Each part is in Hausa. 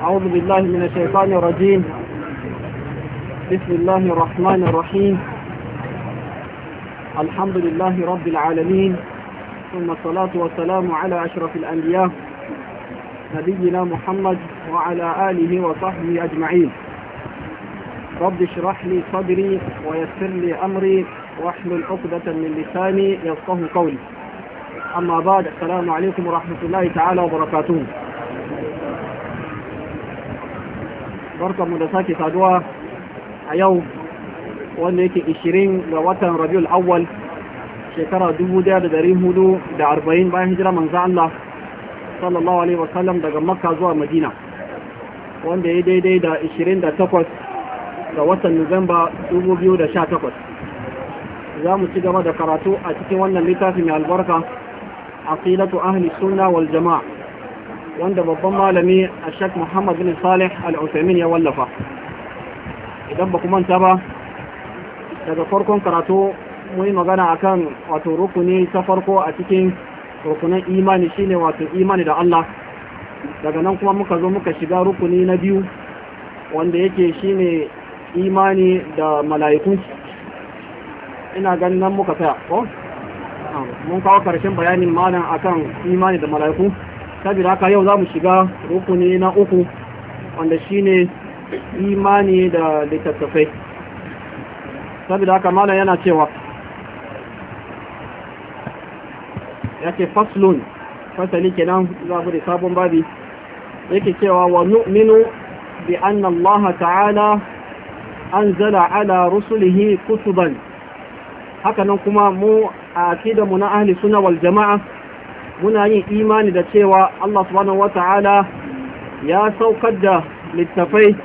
أعوذ بالله من الشيطان الرجيم بسم الله الرحمن الرحيم الحمد لله رب العالمين ثم الصلاة والسلام على أشرف الأنبياء نبينا محمد وعلى آله وصحبه أجمعين رب اشرح لي صدري ويسر لي أمري واحلل عقدة من لساني يفقه قولي Amma أما بعد السلام عليكم ورحمة الله تعالى وبركاته Barka mu da sake saduwa a yau wanda yake 20 ga watan rabiul awwal shekara 1440 bayan hijira manzo Allah sallallahu alaihi wa sallam, daga makka zuwa madina wanda ya daidai da 28 ga watan nuwamba 2018 za mu ci gaba da karatu a cikin wannan littafi mai albarka aqidatu ahli sunna wal jama'a wanda babban malami a muhammad bin salih al-usaimin ya wallafa idan ba kuma manta ba daga farkon karatu mun yi magana akan wato rukuni ta farko a cikin rukunin imani shine wato imani da Allah daga nan kuma muka zo muka shiga rukuni na biyu wanda yake shine imani da mala'iku ina ganin nan muka tsaya ko mun kawo karshen bayanin malam akan imani da mala'iku saboda haka yau zamu shiga rukuni na uku wanda shine imani da littattafai saboda haka malam yana cewa yake faslun fasali kenan za sabon babi yake cewa wa nu'minu bi anna Allah ta'ala anzala ala rusulihi kutuban hakanan kuma mu a akidar mu na ahli suna wal jama'a muna yin imani da cewa Allah subhanahu wata'ala ya saukar da littafai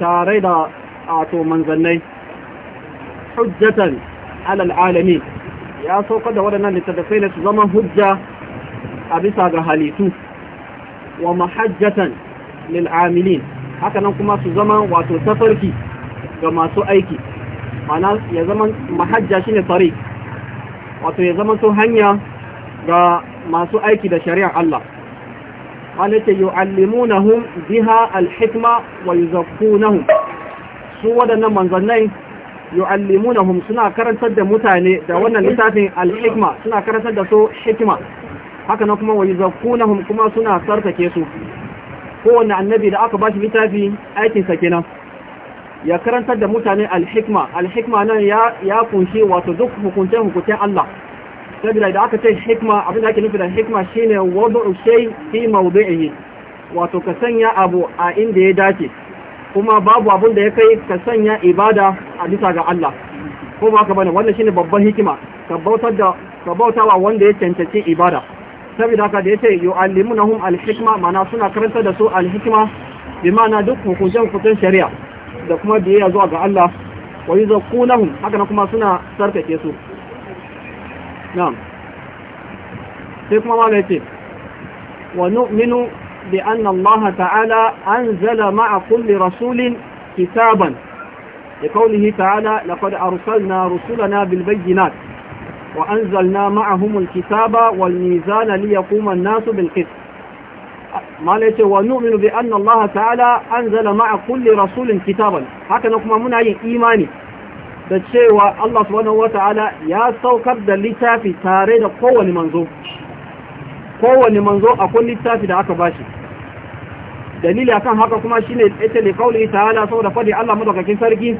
tare da ato manzannai hujjatan alal alami ya saukar da waɗannan littattafai ne su zama hujja a bisa ga halittu wa mahajjatan lil amilin hakanan kuma su zama wato tafarki ga masu aiki ma'ana ya zama mahajja shine tariq wato ya zama to hanya ga masu aiki da shari'ar Allah alaka yu'allimunahum biha alhikma wa yuzakkunahum su wadannan manzannai yu'allimunahum suna karantar da mutane da wannan littafin alhikma suna karantar da su hikima haka na kuma wa yuzakkunahum kuma suna sarkake su kowanne annabi da aka ba shi littafi aikinsa kenan ya karantar da mutane alhikma alhikma nan ya kunshi wato duk hukunce hukuncen Allah saboda da aka ce hikma abin da ake nufi da hikma shine wad'u shay fi mawdi'ihi wato ka sanya abu a inda ya dace kuma babu abin da ya kai ka sanya ibada a bisa ga Allah ko ba ka bane wannan shine babban hikima ka bautar da ka bautawa wanda ya cancanci ibada saboda haka da yace yu'allimunahum alhikma mana suna karantar da su alhikma bi ma'ana duk hukuncin hukuncen shari'a da kuma biyayya zuwa ga Allah wa yuzaqunahum haka kuma suna sarkake su na'am sai kuma malai ce wa nu'minu bi anna Allah ta'ala anzala ma'a kulli rasulin kitaban لقوله تعالى لقد أرسلنا رسلنا بالبينات وأنزلنا معهم الكتاب والميزان ليقوم الناس بالقسط mala yace wa nu'minu bi anna Allah ta'ala anzala ma'a kulli rasulin kitaban haka na kuma muna yin imani da cewa Allah subhanahu wata'ala ya saukar da littafi tare da kowane manzo kowane manzo akwai littafi da aka bashi dalili akan haka kuma shine ita ne kauli ta'ala saboda fadi Allah madaukakin sarki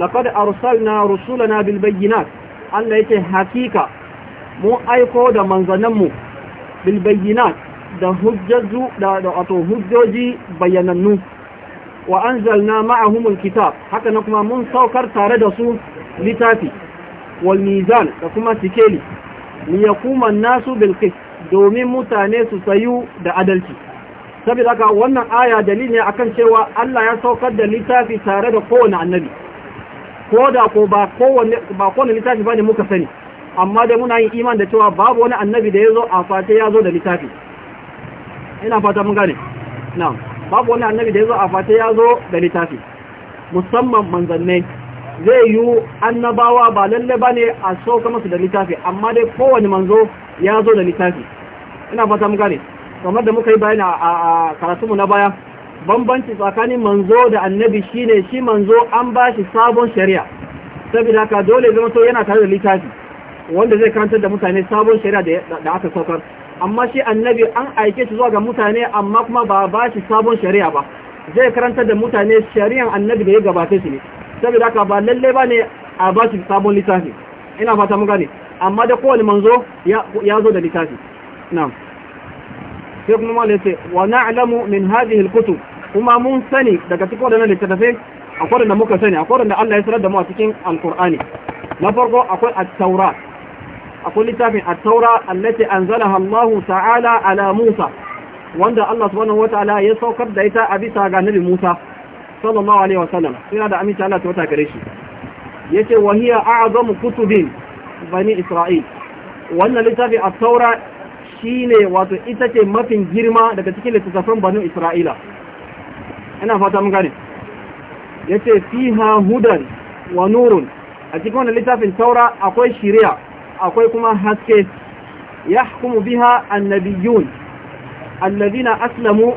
laqad arsalna rusulana bil bayyinat Allah yace hakika mu aiko da manzananmu bil bayyinat da hujjaju da wato hujjoji bayyanannu wa anzalna ma'ahum alkitab haka na kuma mun saukar tare da su litafi wal mizan da kuma sikeli li yakuma nasu bil qist domin mutane su sayu da adalci saboda haka wannan aya dalili ne akan cewa Allah ya saukar da littafi tare da kowane annabi ko da ko ba kowane ba kowanne litafi bane muka sani amma dai muna yin iman da cewa babu wani annabi da yazo a fate yazo da littafi ina fata mun gane na'am babu wani annabi da yazo a fata ya da littafi musamman manzannai zai yi annabawa ba lalle ba ne a sauka su da littafi amma dai kowane manzo ya zo da littafi ina fata mun gane kamar da muka yi bayani a karatunmu na baya bambanci tsakanin manzo da annabi shine shi manzo an ba shi sabon shari'a saboda ka dole zama to yana tare da littafi wanda zai kantar da mutane sabon shari'a da aka saukar amma shi annabi an aike shi zuwa ga mutane amma kuma ba ba shi sabon shari'a ba zai karanta da mutane shari'an annabi da ya gabata shi ne saboda haka ba lalle ba ne a ba shi sabon littafi ina fata mun gane amma da kowane manzo ya zo da littafi na'am sai kuma malai ce wa na'lamu min hadhihi al-kutub kuma mun sani daga cikin wadannan littattafai akwai da muka sani akwai da Allah ya sanar da mu a cikin alkur'ani na farko akwai at akwai littafin at-taura allati anzalaha Allah ta'ala ala Musa wanda Allah subhanahu wataala ya saukar da ita a bisa ga nabi Musa sallallahu alaihi wasallam yana da aminci Allah ta wata gare shi yace wa hiya a'zamu kutubin bani Isra'il wannan littafin at-taura shine wato ita ce mafin girma daga cikin littafin bani Isra'ila ina fata mun gane yace fiha hudan wa nurun a cikin wannan littafin taura akwai shari'a أقول kuma haske يحكم بها النبيون الذين أسلموا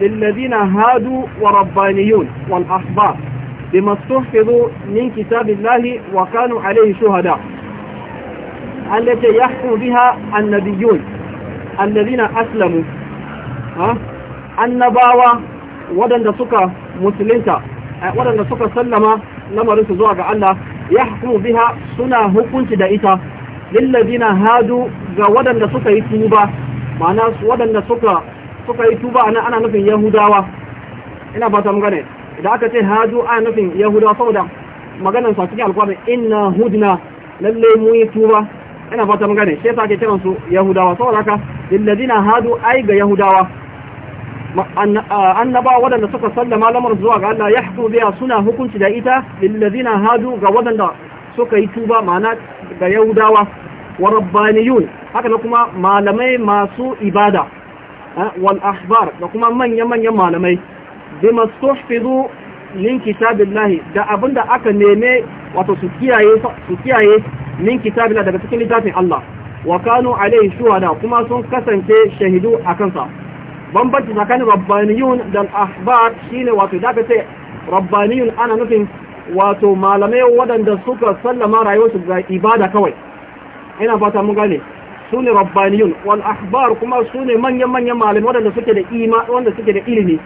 للذين هادوا وربانيون والأحبار بما استحفظوا من كتاب الله وكانوا عليه شهداء التي يحكم بها النبيون الذين أسلموا أه؟ النباوة ودن سكة مسلمة ودن سكة سلمة لما رسوا زوجة الله يحكم بها سنة هكونت دائتا lillazina hadu ga waɗanda suka yi tuba ma'ana waɗanda suka suka yi tuba ana ana nufin yahudawa ina fata mun gane idan aka ce hadu ana nufin yahudawa saboda maganar sa cikin alƙawari inna hudna lalle mu yi tuba ina fata mun gane sai sake kiran su yahudawa saboda haka lillazina hadu ai ga yahudawa annaba waɗanda suka sallama lamar zuwa ga Allah ya hukumu biya suna hukunci da ita lillazina hadu ga waɗanda suka yi tuba ma'ana ga yahudawa wa haka na kuma malamai masu ibada eh, wal ahbar da kuma manya-manyan malamai bima tuhfizu min kitabillahi da abinda aka neme wato su kiyaye su kiyaye min kitabillahi daga cikin littafin Allah wa kanu alaihi shuhada kuma sun kasance shahidu akan sa bambanci tsakanin rabbaniyun da ahbar shine wato da ka ce rabbaniyun ana nufin wato malamai waɗanda suka sallama rayuwarsu ga ibada kawai ina fata mun gane su ne rabbaniyun wal ahbar kuma su ne manyan-manyan malamai wanda suke da ima wanda suke da ilimi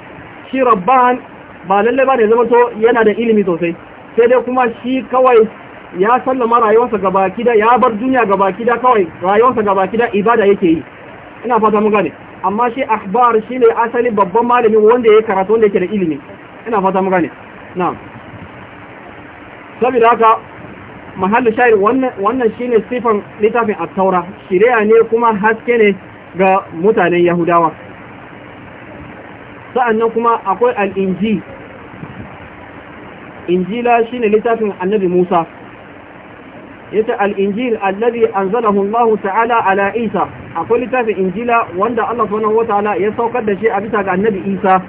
shi rabban ba lalle ba ne zama to yana da ilimi sosai sai dai kuma shi kawai ya sallama rayuwarsa gaba kida ya bar duniya gaba kida kawai rayuwarsa gaba kida ibada yake yi ina fata mun gane amma shi ahbar shi ne asali babban malami wanda ya karatu wanda yake da ilimi ina fata mun gane na'am saboda haka mahallu shari wannan shine sifan littafin attaura shirya ne kuma haske ne ga mutanen yahudawa sa'annan kuma akwai al'inji injila shine littafin annabi musa yace al-injil alladhi anzalahu Allah ta'ala ala Isa akwai littafin injila wanda Allah subhanahu wataala ya saukar da shi a bisa ga annabi Isa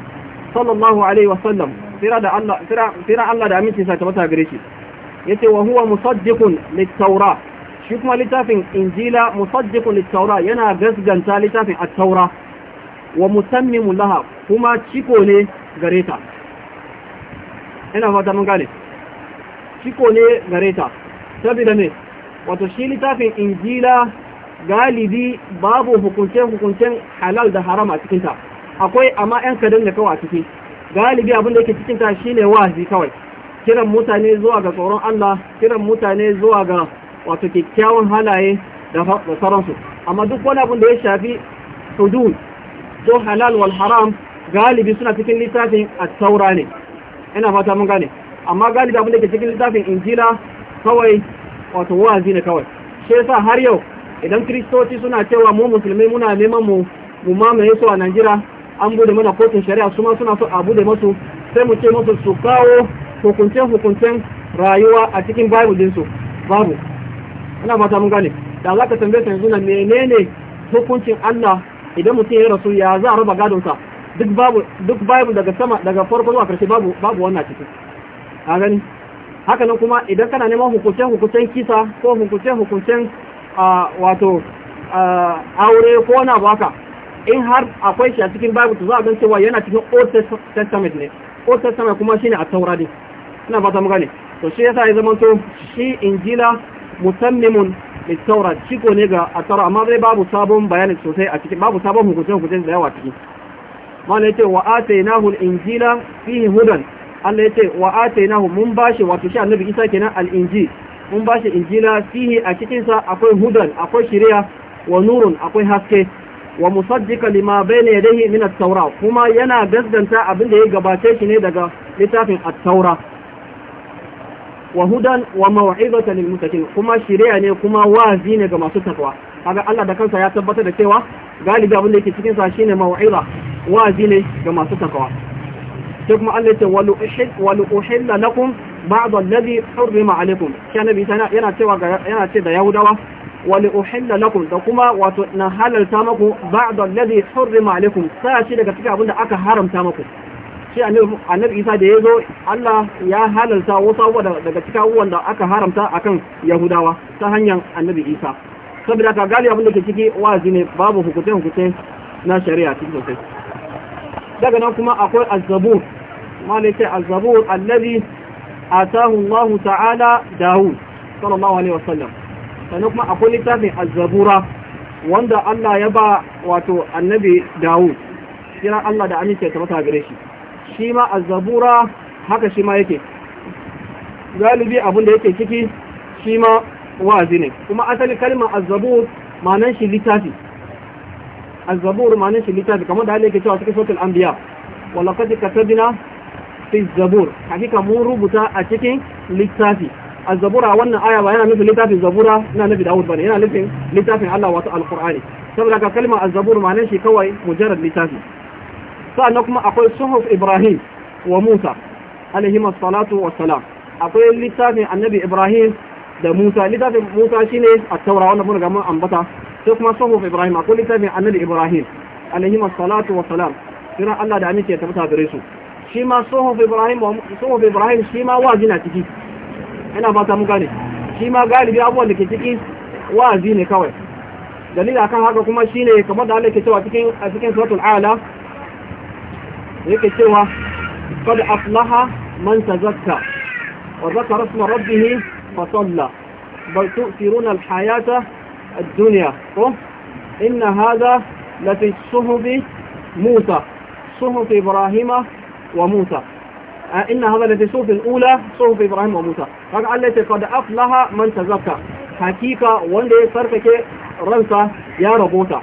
sallallahu alaihi wasallam tira da Allah tira Allah da aminci sa ta bata gare shi yace wa huwa musaddiqun lit shi kuma littafin injila musaddiqun lit-taura yana gasganta littafin at-taura wa mutammimu laha kuma ciko ne gare ta ina fata mun gane ciko ne gare ta saboda ne wato shi littafin injila galibi babu hukunce-hukuncen halal da haram a cikinta akwai amma 'yan kadan da kawai a ciki galibi abin da yake cikinta shine wazi kawai kiran mutane zuwa ga tsoron Allah kiran mutane zuwa ga wato kyakkyawan halaye da sauransu amma duk wani abin da ya shafi hudud ko halal wal haram galibi suna cikin littafin at-taura ne ina fata mun gane amma galibi abin da ke cikin littafin injila kawai wato wazi ne kawai shi yasa har yau idan kristoci suna cewa mu musulmai muna neman mu mu mamaye su a Najeriya an bude mana kotun shari'a su ma suna so a bude masu sai mu ce musu su kawo hukuncen hukuncen rayuwa a cikin bible dinsu babu ina fata mun gane da za ka tambaye yanzu na menene hukuncin Allah idan mutum ya rasu ya za a raba gadonsa duk babu duk bible daga sama daga farko zuwa karshe babu babu wannan ciki a gani haka nan kuma idan kana neman hukuncen hukuncen kisa ko hukuncen hukuncen wato aure ko na baka in har akwai shi a cikin bible to za a gan cewa yana cikin old testament ne ko ta sama kuma shine a taura ne ina fata mu gane to shi yasa ya zama to shi injila musammimun littaura ciko ne ga a atara amma zai babu sabon bayani sosai a cikin babu sabon hukuncin-hukuncin da yawa ciki mana yace wa atainahu al-injila fihi hudan Allah yace wa atainahu mun bashi wato shi annabi Isa kenan al-injil mun bashi injila fihi a cikin sa akwai hudan akwai shari'a wa nurun akwai haske wa musaddiqa lima bayna yadayhi min at-taura kuma yana gaskanta abin da ya gabace shi ne daga littafin at-taura wa hudan wa maw'izatan lil muttaqin kuma shiriya ne kuma wazi ne ga masu takwa kaga Allah da kansa ya tabbatar da cewa galibi abin da yake cikin sa shine maw'iza wazi ne ga masu takwa sai kuma Allah ya ce walu uhid walu uhilla lakum ba'd alladhi hurrima alaykum shi annabi yana cewa yana ce da yahudawa wani uhilla lakum da kuma wato na halalta maku ba'da alladhi hurrima alaikum sashi daga cikin abin da aka haramta maku shi annabi Isa da yazo Allah ya halalta wasu abubuwa daga cikin abubuwan da aka haramta akan Yahudawa ta hanyar annabi Isa saboda ka gali abin da ke ciki wazi ne babu hukunce hukunce na shari'a cikin sosai daga nan kuma akwai azzabur malai ce azzabur allazi atahu Allah ta'ala Dawud sallallahu alaihi wasallam sannan kuma akwai littafin azzabura wanda Allah ya ba wato annabi Dawud kira Allah da amince ta mata gare shi shi ma azzabura haka shi ma yake galibi abin da yake ciki shi ma wa'azi ne kuma asali kalmar azzabur ma'anar shi littafi azzabur ma'anar shi littafi kamar da Allah yake cewa cikin sautul anbiya walaqad katabna fi zabur hakika mun rubuta a cikin littafi az-zabura wannan aya ba yana nufin littafin zabura yana nufin dawud bane yana nufin littafin Allah wato al-qur'ani saboda ka kalmar az-zabur ma'anar shi kawai mujarrad littafi sannan kuma akwai suhuf ibrahim wa musa alaihi salatu wa salam akwai littafin annabi ibrahim da musa littafin musa shine at-taura wanda mun ga mun ambata sai kuma suhuf ibrahim akwai littafin annabi ibrahim alaihi salatu wa salam kira Allah da amince ya tabbata gare su shi ma suhuf ibrahim suhuf ibrahim shi ma wazi ciki ina fata mun gane shi ma galibi abubuwan da ke ciki wazi ne kawai dalili akan haka kuma shine kamar da Allah ke cewa cikin a cikin suratul ala yake cewa qad aflaha man tazakka wa zakara isma rabbih fa salla bal tu'thiruna alhayata hayata ad-dunya inna hada la fi suhufi musa suhufi ibrahima wa musa إن هذا الذي صوف الأولى صوف إبراهيم وموسى فقال التي قد أفلها من تزكى حقيقة وانده صرفك ransa ya ربوتا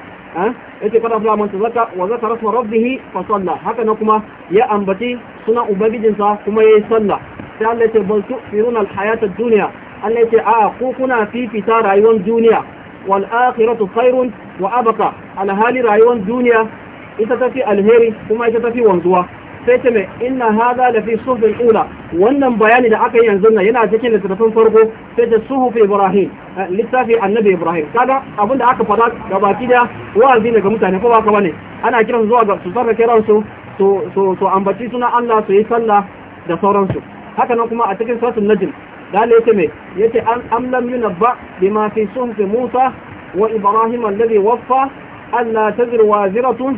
yace kada fula man tazaka wa zaka rasma rabbih fa salla haka na kuma ya ambaci suna ubangijinsa kuma ya yi sallah sai Allah yace bal tu'firuna hayata ad-dunya Allah yace a ku fifita rayuwar duniya wal akhiratu khairun wa abqa alhali rayuwar duniya ita tafi alheri kuma ita tafi wanzuwa sai ta mai inna haza da fi suhufil ula wannan bayani da aka yi yanzu nan yana cikin littafin farko sai ta suhuf ibrahim eh, littafi annabi ibrahim kaga abin da aka faɗa gabaki da wa'azi ne ga mutane ko ba ka bane ana kiran zuwa ga su sarrafa kiransu su ambaci suna Allah su yi sallah da sauransu haka nan kuma a cikin suratul najm dalil mai me yace an am ba yunabba bima fi suhuf musa wa ibrahim alladhi waffa alla tazru waziratun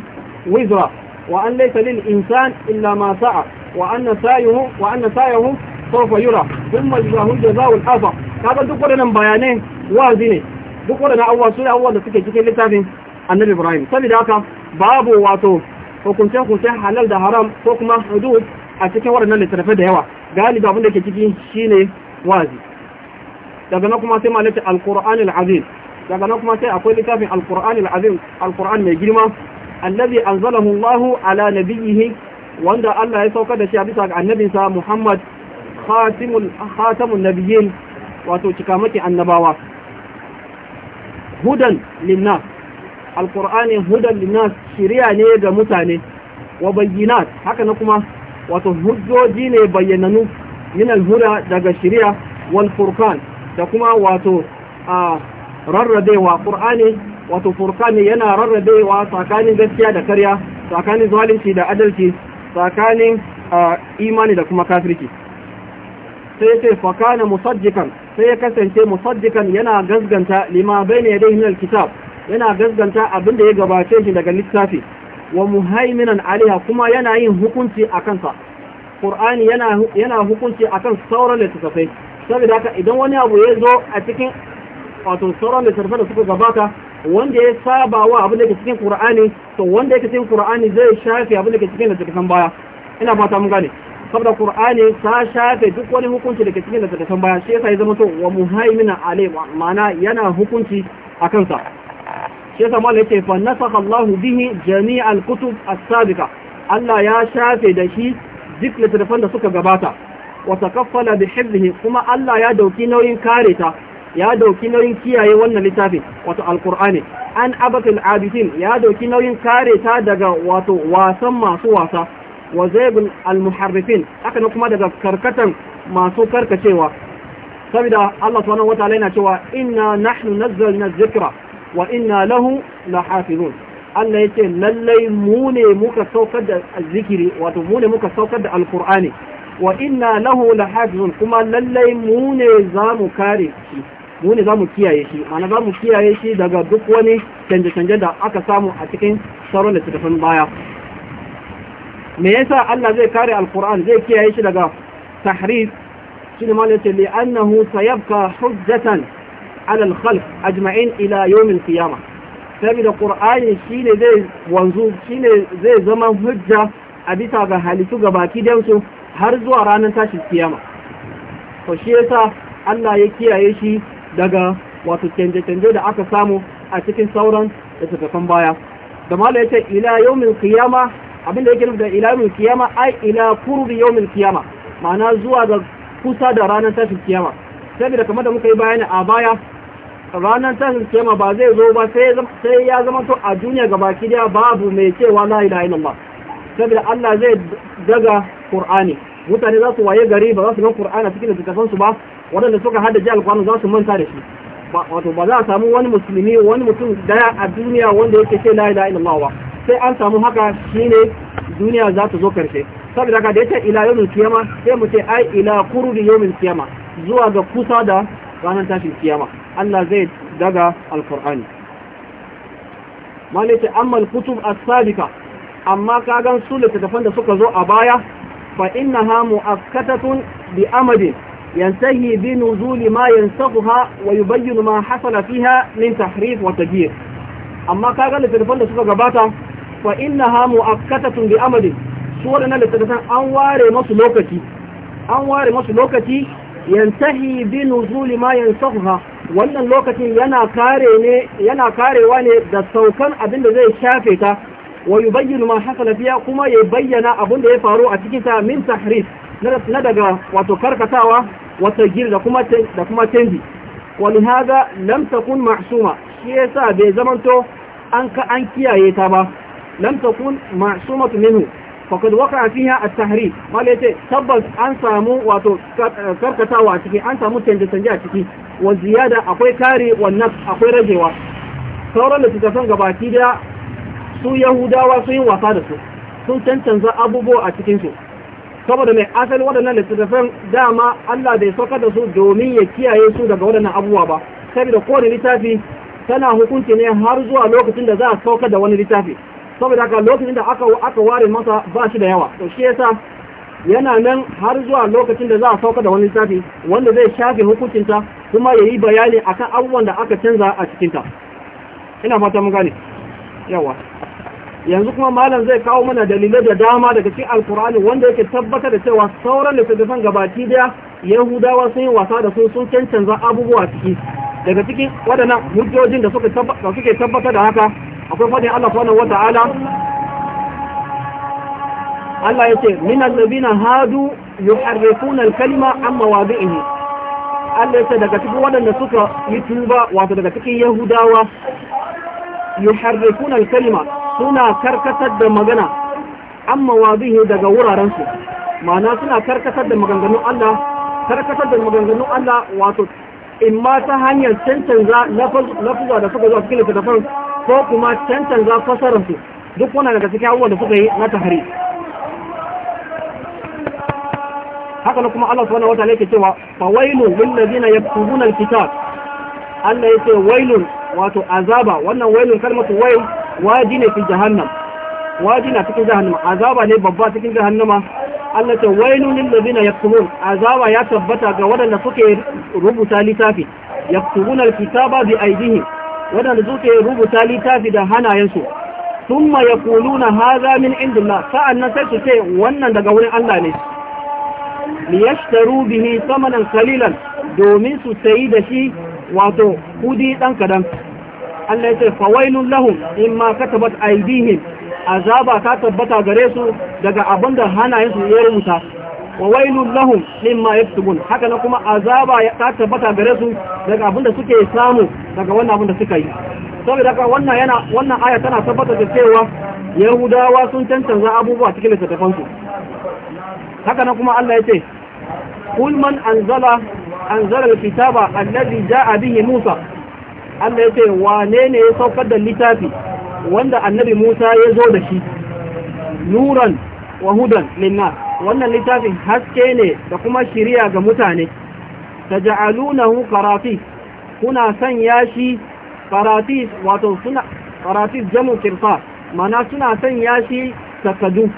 wizra وأن ليس للإنسان إلا ما سعى وأن سعيه وأن سعيه سوف يرى ثم يجزاه الجزاء الحسن kaga duk waɗannan bayanan wazi ne duk waɗannan abubuwa su abubuwa da suke cikin littafin annabi ibrahim saboda haka babu wato hukunce hukunce halal da haram ko kuma hudud a cikin waɗannan littattafai da yawa galibi abin da ke ciki shine wazi daga nan kuma sai akwai littafin alqur'an alazim mai girma allazi anzalahu Allah ala nabiyhi wanda Allah ya sauka da shi a bisa ga annabinsa Muhammad khatimul khatamun nabiyyin wato cikamake annabawa hudan linnas alqur'ani hudan linnas shiriya ne ga mutane wa bayyinat haka na kuma wato hujjoji ne bayyananu min alhuda daga shiriya wal furqan da kuma wato a rarrabewa qur'ani wato furkani yana rarrabewa tsakanin gaskiya da karya tsakanin zalunci da adalci tsakanin imani da kuma kafirci sai ya ce fakana musaddikan sai ya kasance musaddikan yana gasganta lima ne yadayhi min kitab, yana gasganta abin da ya gabace shi daga littafi wa muhaiminan aliha kuma yana yin hukunci a kansa qur'ani yana hukunci akan sauran littattafai saboda haka idan wani abu ya zo a cikin wato sauran littattafai da suka gabata wanda ya saba wa abin da ke cikin Qur'ani to wanda yake cikin Qur'ani zai shafe abin da ke cikin littattafan baya ina fata mun gane saboda Qur'ani ta shafe duk wani hukunci da ke cikin littattafan baya shi yasa ya zama to wa muhaimina alai ma'ana yana hukunci a kansa shi yasa mallaka yake fa nasakha Allahu bihi jami'al kutub as-sabiqa Allah ya shafe da shi duk littattafan da suka gabata wa takaffala bi hifzihi kuma Allah ya dauki nauyin kare ta ya dauki nauyin kiyaye wannan littafin wato alqur'ani an abatul abidin ya dauki nauyin kare ta daga wato wasan masu wasa wa zaybul almuharrifin haka ne kuma daga karkatan masu karkacewa saboda Allah subhanahu wataala yana cewa inna nahnu nazzalna dhikra wa inna lahu lahafizun Allah yace lallai mu ne muka saukar da zikiri wato mu ne muka saukar da alqur'ani wa inna lahu lahafizun kuma lallai mu ne zamu kare shi mu ne za mu kiyaye shi za mu kiyaye shi daga duk wani canje-canje da aka samu a cikin sauran da tafi baya me yasa Allah zai kare alquran zai kiyaye shi daga tahrif shi ne malai li annahu sayabqa hujjatan ala al ajma'in ila yawm al-qiyamah saboda qur'ani shine zai wanzu shine zai zama hujja a bisa ga halittu ga baki su har zuwa ranar tashin kiyama to shi yasa Allah ya kiyaye shi daga wato canje-canje da aka samu a cikin sauran littattafan baya da mala ya ce ila yawmin qiyama abinda yake nufi da ila yaumin kiyama ai ila qurbi yaumin kiyama. ma'ana zuwa ga kusa da ranar tashin kiyama saboda kamar da muka yi bayani a baya ranar tashin kiyama ba zai zo ba sai ya zama to a duniya gabaki daya babu mai cewa la ilaha illallah saboda Allah zai daga Qur'ani mutane za su waye gari ba za su ga Qur'ani cikin littattafan su ba waɗanda suka haddace alƙur'ani za su manta da shi wato ba za a samu wani musulmi wani mutum daya a duniya wanda yake ce la ilaha illallah ba sai an samu haka shine duniya za ta zo karshe saboda haka da yace ila yawmil Kiyama sai mu ce ai ila qurbi yawmil Kiyama. zuwa ga kusa da ranar tashin kiyama Allah zai daga alqur'ani malaka amma Kutub as-sabiqa amma gan su littattafan da suka zo a baya fa innaha mu'akkatatun bi amadin ينتهي بنزول ما ينسقها ويبين ما حصل فيها من تحريف وتغيير amma ka ga littattafan da suka gabata fa innaha mu'akkatun bi amali su wadannan littattafan an ware masu lokaci an ware masu lokaci yantahi bi nuzuli ma yansahha wannan lokacin yana karewa ne da saukan abin da zai shafe ta wa yubayyinu fiya kuma ya bayyana abin da ya faru a cikin ta min tahrif na daga wato karkatawa والتغيير da kuma canji ولهذا لم تكن معصومة زمن تو أنك أنكيا يتابا لم تكن معصومة منه فقد وقع فيها التحريف ما ليتي تبض أن سامو واتو كركتا واتكي أن سامو تنجي تنجي أتكي والزيادة أقوي كاري والنفس أقوي رجيوة sauran التي تفنق باكيدا سو يهودا su وصادسو سو yi wasa da su saboda mai asali waɗannan littattafan dama Allah bai saukar da su domin ya kiyaye su daga waɗannan abubuwa ba saboda kowane littafi tana hukunci ne har zuwa lokacin da za a saukar da wani littafi saboda haka lokacin da aka aka ware masa ba shi da yawa to shi yasa yana nan har zuwa lokacin da za a saukar da wani littafi wanda zai shafe hukuncinta kuma ya yi bayani akan abubuwan da aka canza a cikinta ina fata mun gane yawa yanzu kuma malam zai kawo mana dalilai da dama daga cikin alkur'ani wanda yake tabbata da cewa sauran littattafan gabaki daya yahudawa sun yi wasa da su sun cancanza abubuwa ciki daga cikin waɗannan hujjojin da suke tabbata da haka akwai fadin Allah subhanahu wata'ala Allah ya yace min allazina hadu yuharrifuna al-kalima an mawadi'ihi Allah ya ce daga cikin waɗanda suka yi tuba wato daga cikin yahudawa yuharrifuna al-kalima suna karkatar da magana amma wazihi daga wurarensu ma'ana suna karkatar da maganganun Allah karkatar da maganganun Allah wato in ma ta hanyar cancanza lafuza da suka zuwa cikin littattafan ko kuma cancanza fasararsu duk wani daga cikin abubuwan da suka yi na tahari haka na kuma Allah subhanahu wataala yake cewa fa wailun lil ladina yaktubuna kitab. Allah yake wailun wato azaba wannan wailun kalmatu wail waji ne fi jahannam waji na cikin jahannama azaba ne babba cikin jahannama Allah ta wainu lil ladina yaktubun azaba ya tabbata ga wadanda suke rubuta littafi yaktubuna alkitaba bi aydihim wadanda suke rubuta littafi da hannayensu thumma yaquluna hadha min indillah sa'annan sai su ce wannan daga wurin Allah ne liyashtaru bihi samanan qalilan domin su sayi da shi wato kudi dan kadan Allah ya ce fawailun lahum imma katabat aydihim azaba ta tabbata gare su daga abinda hanayen su ya rubuta wa wailun lahum mimma yaktubun haka na kuma azaba ta tabbata gare su daga abinda suke samu daga wannan abinda suka yi saboda haka wannan yana wannan aya tana tabbata da cewa yahudawa sun tantance abubuwa cikin littattafan su haka na kuma Allah ya ce kul man anzala anzala alkitaba alladhi jaa bihi musa Allah ya ce wane ne ya saukar da littafi wanda annabi Musa ya zo da shi nuran wa hudan linna wannan littafin haske ne da kuma shiriya ga mutane taj'alunahu qaratis kuna sanya shi qaratis wato suna jamu kirfa? mana suna sanya shi takadu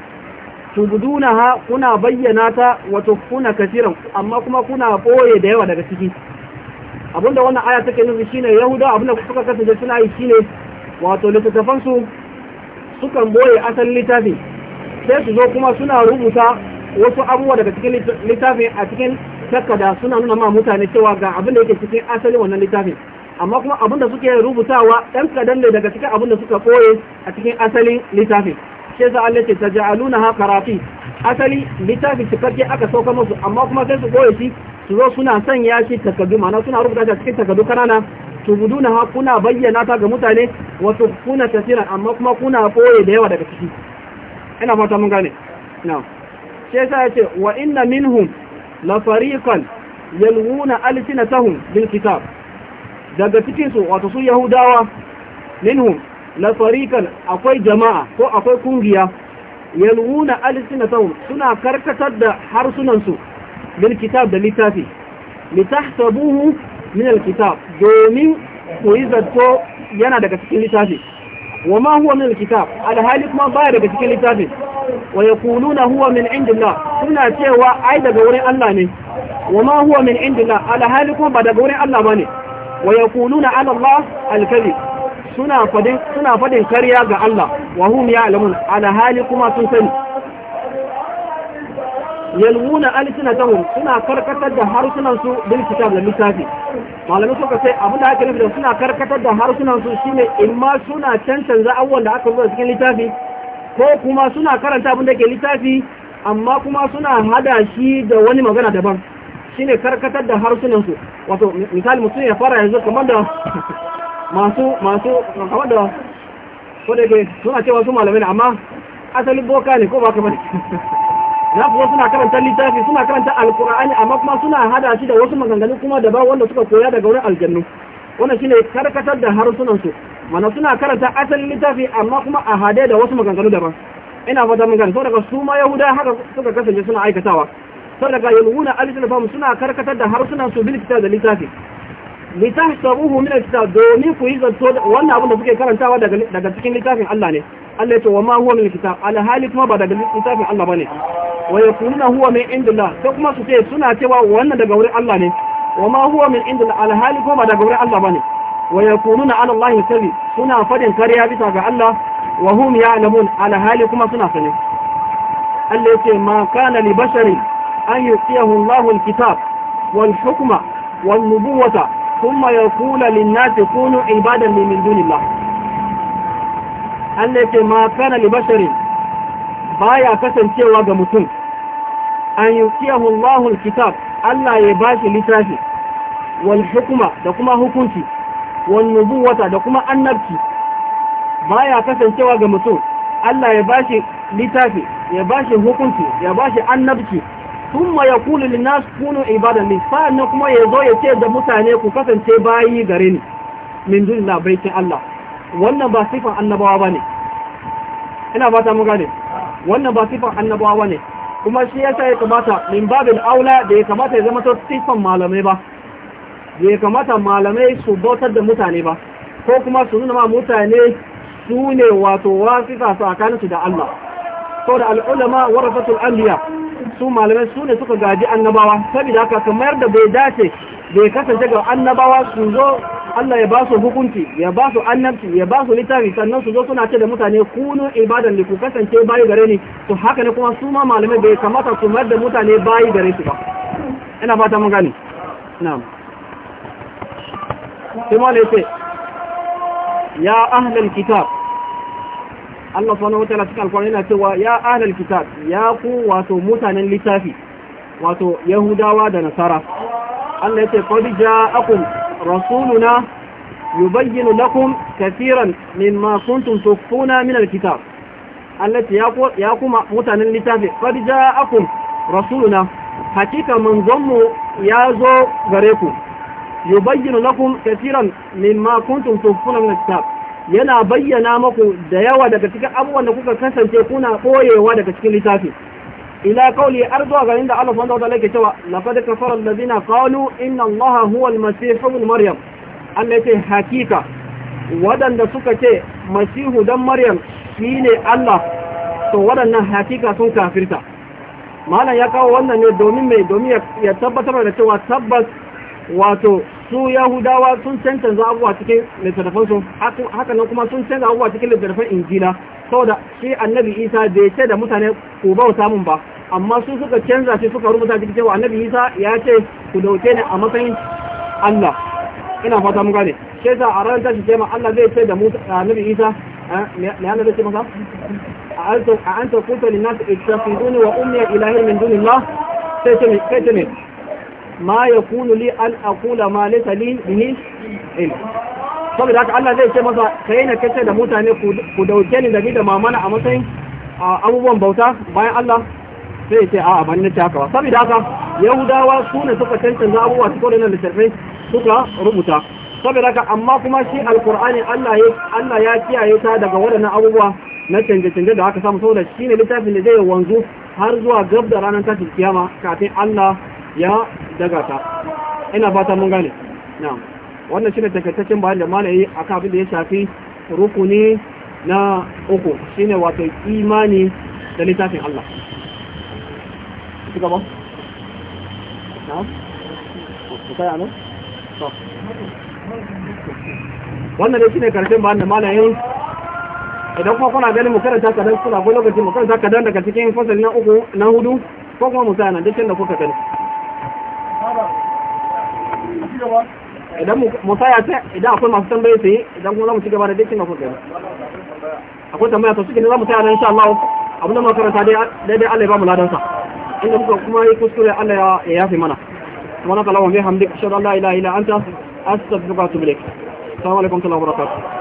ha, kuna bayyana ta wato kuna kasiran amma kuma kuna ɓoye da yawa daga ciki abinda wannan aya take nufi shine yahuda abinda suka kasance suna yi shine wato littattafan su sukan boye asalin littafi sai su zo kuma suna rubuta wasu abubuwa daga cikin littafin a cikin takkada, suna nuna ma mutane cewa ga abin da yake cikin asalin wannan littafin amma kuma abin da suke rubutawa ɗan kadan ne daga cikin abin da suka koye a cikin asalin littafin shi yasa Allah ce taj'aluna ha karafi asali littafi cikakke aka sauka musu amma kuma sai su koye shi su zo suna sanya shi takardu ma'ana suna rubuta shi a cikin takardu kanana su tubuduna ha kuna bayyana ta ga mutane wato kuna tafira amma kuma kuna boye da yawa daga ciki ina fata mun gane na'am sai yasa yace wa inna minhum la fariqan yalwuna alsinatahum bil kitab daga cikin su wato su yahudawa minhum la fariqan akwai jama'a ko akwai kungiya yalwuna alsinatahum suna karkatar da harsunan su bil kitab da littafi litahsabuhu min al domin ku yi zato yana daga cikin littafi wa ma huwa min al kitab alhali kuma baya daga cikin littafi wa yaquluna huwa min indillah suna cewa ai daga wurin Allah ne wa ma huwa min indillah alhali kuma ba daga wurin Allah bane wa yaquluna ala Allah al kadhib suna fadin suna fadin kariya ga Allah wa hum ya'lamun alhali kuma sun sani yalmuna alsinatahum suna karkatar da harsunan su bil kitab da littafi malamai suka sai abin da aka nufi da suna karkatar da harsunan su shine ma suna cancanza awwal da aka rubuta cikin littafi ko kuma suna karanta abin da ke littafi amma kuma suna hada shi da wani magana daban shine karkatar da harsunan su wato misali mutum ya fara yanzu kamar da masu masu kamar da ko da ke suna cewa su malamai amma asali boka ne ko ba kamar za ku suna karanta littafi suna karanta alkur'ani amma kuma suna hada shi da wasu maganganu kuma da ba wanda suka koya daga wurin aljannu wanda shine karkatar da harsunan su mana suna karanta asalin littafi amma kuma a hade da wasu maganganu daban ina fata mun gani saboda su ma yahuda haka suka kasance suna aikatawa saboda yalwuna alsinfam suna karkatar da harsunan su bil kitab da littafi litahsabuhu min alkitab domin ku yi zato wannan abin da kuke karantawa daga cikin littafin Allah ne Allah ya ce wa ma huwa min alkitab alhali kuma ba daga littafin Allah bane wa yakununa huwa min indillah sai kuma su ce suna cewa wannan daga wurin Allah ne wa ma huwa min indillah alhali kuma ba daga wurin Allah bane wa yakununa ala Allah kazi suna fadin kariya bisa ga Allah wa hum ya'lamun alhali kuma suna sani. Allah ya ce ma kana li basharin an yuqiyahu Allahu alkitab wal hukma wan nubuwata thumma yaqulu lin nasi kunu ibadan li min dunillah Allah ce ma kana li basharin baya kasancewa ga mutum an yuqiyahu Allahu alkitab Allah ya bashi littafi wal hukuma da kuma hukunci wal nubuwata da kuma annabci baya kasancewa ga mutum Allah ya bashi littafi ya bashi hukunci ya bashi annabci thumma yaqulu lin-nas kunu ibadan li fa sa'annan kuma yazo ya ce da mutane ku kasance bayi gare ni min dunna baitin Allah wannan ba sifan annabawa bane ina fata mun gane wannan ba sifan annabawa bane kuma shi yasa ya kamata min babil aula da ya kamata ya zama to sifan malamai ba da ya kamata malamai su bautar da mutane ba ko kuma su nuna ma mutane su ne wato wasifa tsakaninsu da Allah saboda al'ulama warasatul anbiya su malamai su ne suka gaji annabawa saboda haka kamar da bai dace bai kasance ga annabawa su zo Allah ya ba su hukunci ya ba su annabci ya ba su littafi sannan su zo suna ce da mutane kunu ibadan ne ku kasance bayi gare ni to haka ne kuma su ma malamai bai kamata su mayar da mutane bayi gare su ba ina fata mun gani na'am sai malai ce ya ahlul kitab Allah subhanahu wataala cikin alƙur'ani yana cewa ya ahlal kitab ya ku wato mutanen littafi wato yahudawa da nasara Allah yace qad ja'akum rasuluna yubayyinu lakum katiran mimma kuntum tukhfuna min alkitab Allah ya ku ya kuma mutanen littafi qad ja'akum rasuluna hakika manzonmu ya zo gare ku yubayyinu lakum katiran mimma kuntum tukhfuna min alkitab yana bayyana maku da yawa daga cikin abubuwan da kuka kasance kuna koyewa daga cikin littafi ila kauli arzuwa garin da Allah subhanahu wa ta'ala yake cewa laqad kafara alladhina qalu inna allaha huwa al-masih ibn maryam Allah ce hakika wadanda suka ce masihu dan maryam shine Allah to wadannan hakika sun kafirta malam ya kawo wannan ne domin mai domin ya tabbatar da cewa tabbas wato su yahudawa sun cancanza abubuwa cikin littattafansu haka nan kuma sun canza abubuwa cikin littattafan injila saboda shi annabi isa bai ce da mutane ku bauta samun ba amma su suka canza shi suka rubuta cikin cewa annabi isa ya ce ku dauke ni a matsayin allah ina fata mu gane shi yasa a ranar tashi kema allah zai ce da annabi isa eh, me yana zai ce masa a an ta kuta linnasi ittafiduni wa ummiya ilahin min dunillah sai ce ne ma ya kunu li an akula ma laysa li bihi saboda haka Allah zai ce masa kai na kace da mutane ku dauke ni da ni da mamana a matsayin abubuwan bauta bayan Allah sai ce a'a ban nace haka ba saboda haka yahudawa su ne suka tantance abubuwa su kodin littattafai suka rubuta saboda haka amma kuma shi alqur'ani Allah ya Allah ya kiyaye ta daga waɗannan abubuwa na canje-canje da aka samu saboda shine littafin da zai wanzu har zuwa gab da ranar tashin kiyama kafin Allah ya daga ta ina fata mun gane Na wannan shine takaitaccen bayan da malayi akan abin da ya shafi rukuni na uku shine wato imani da littafin Allah gaba na'am kai ana to wannan ne shine karshen bayan da malayin idan kuma kuna ganin mu karanta kadan kuna ko lokacin mu karanta kadan daga cikin fasali na uku na hudu ko kuma mu sa nan dukkan da kuka gani idan musa ya ta idan akwai masu tambaye su yi idan kuma za mu ci gaba da dai cin akwai akwai tambaya to suke ne za mu saya na insha Allah abin da makaranta daidai Allah ya ba mu ladan sa inda muka kuma yi kuskure Allah ya yafe mana subhanaka allahumma bihamdika ashhadu an la ilaha illa anta astaghfiruka wa atubu ilaik assalamu alaikum wa rahmatullahi wa barakatuh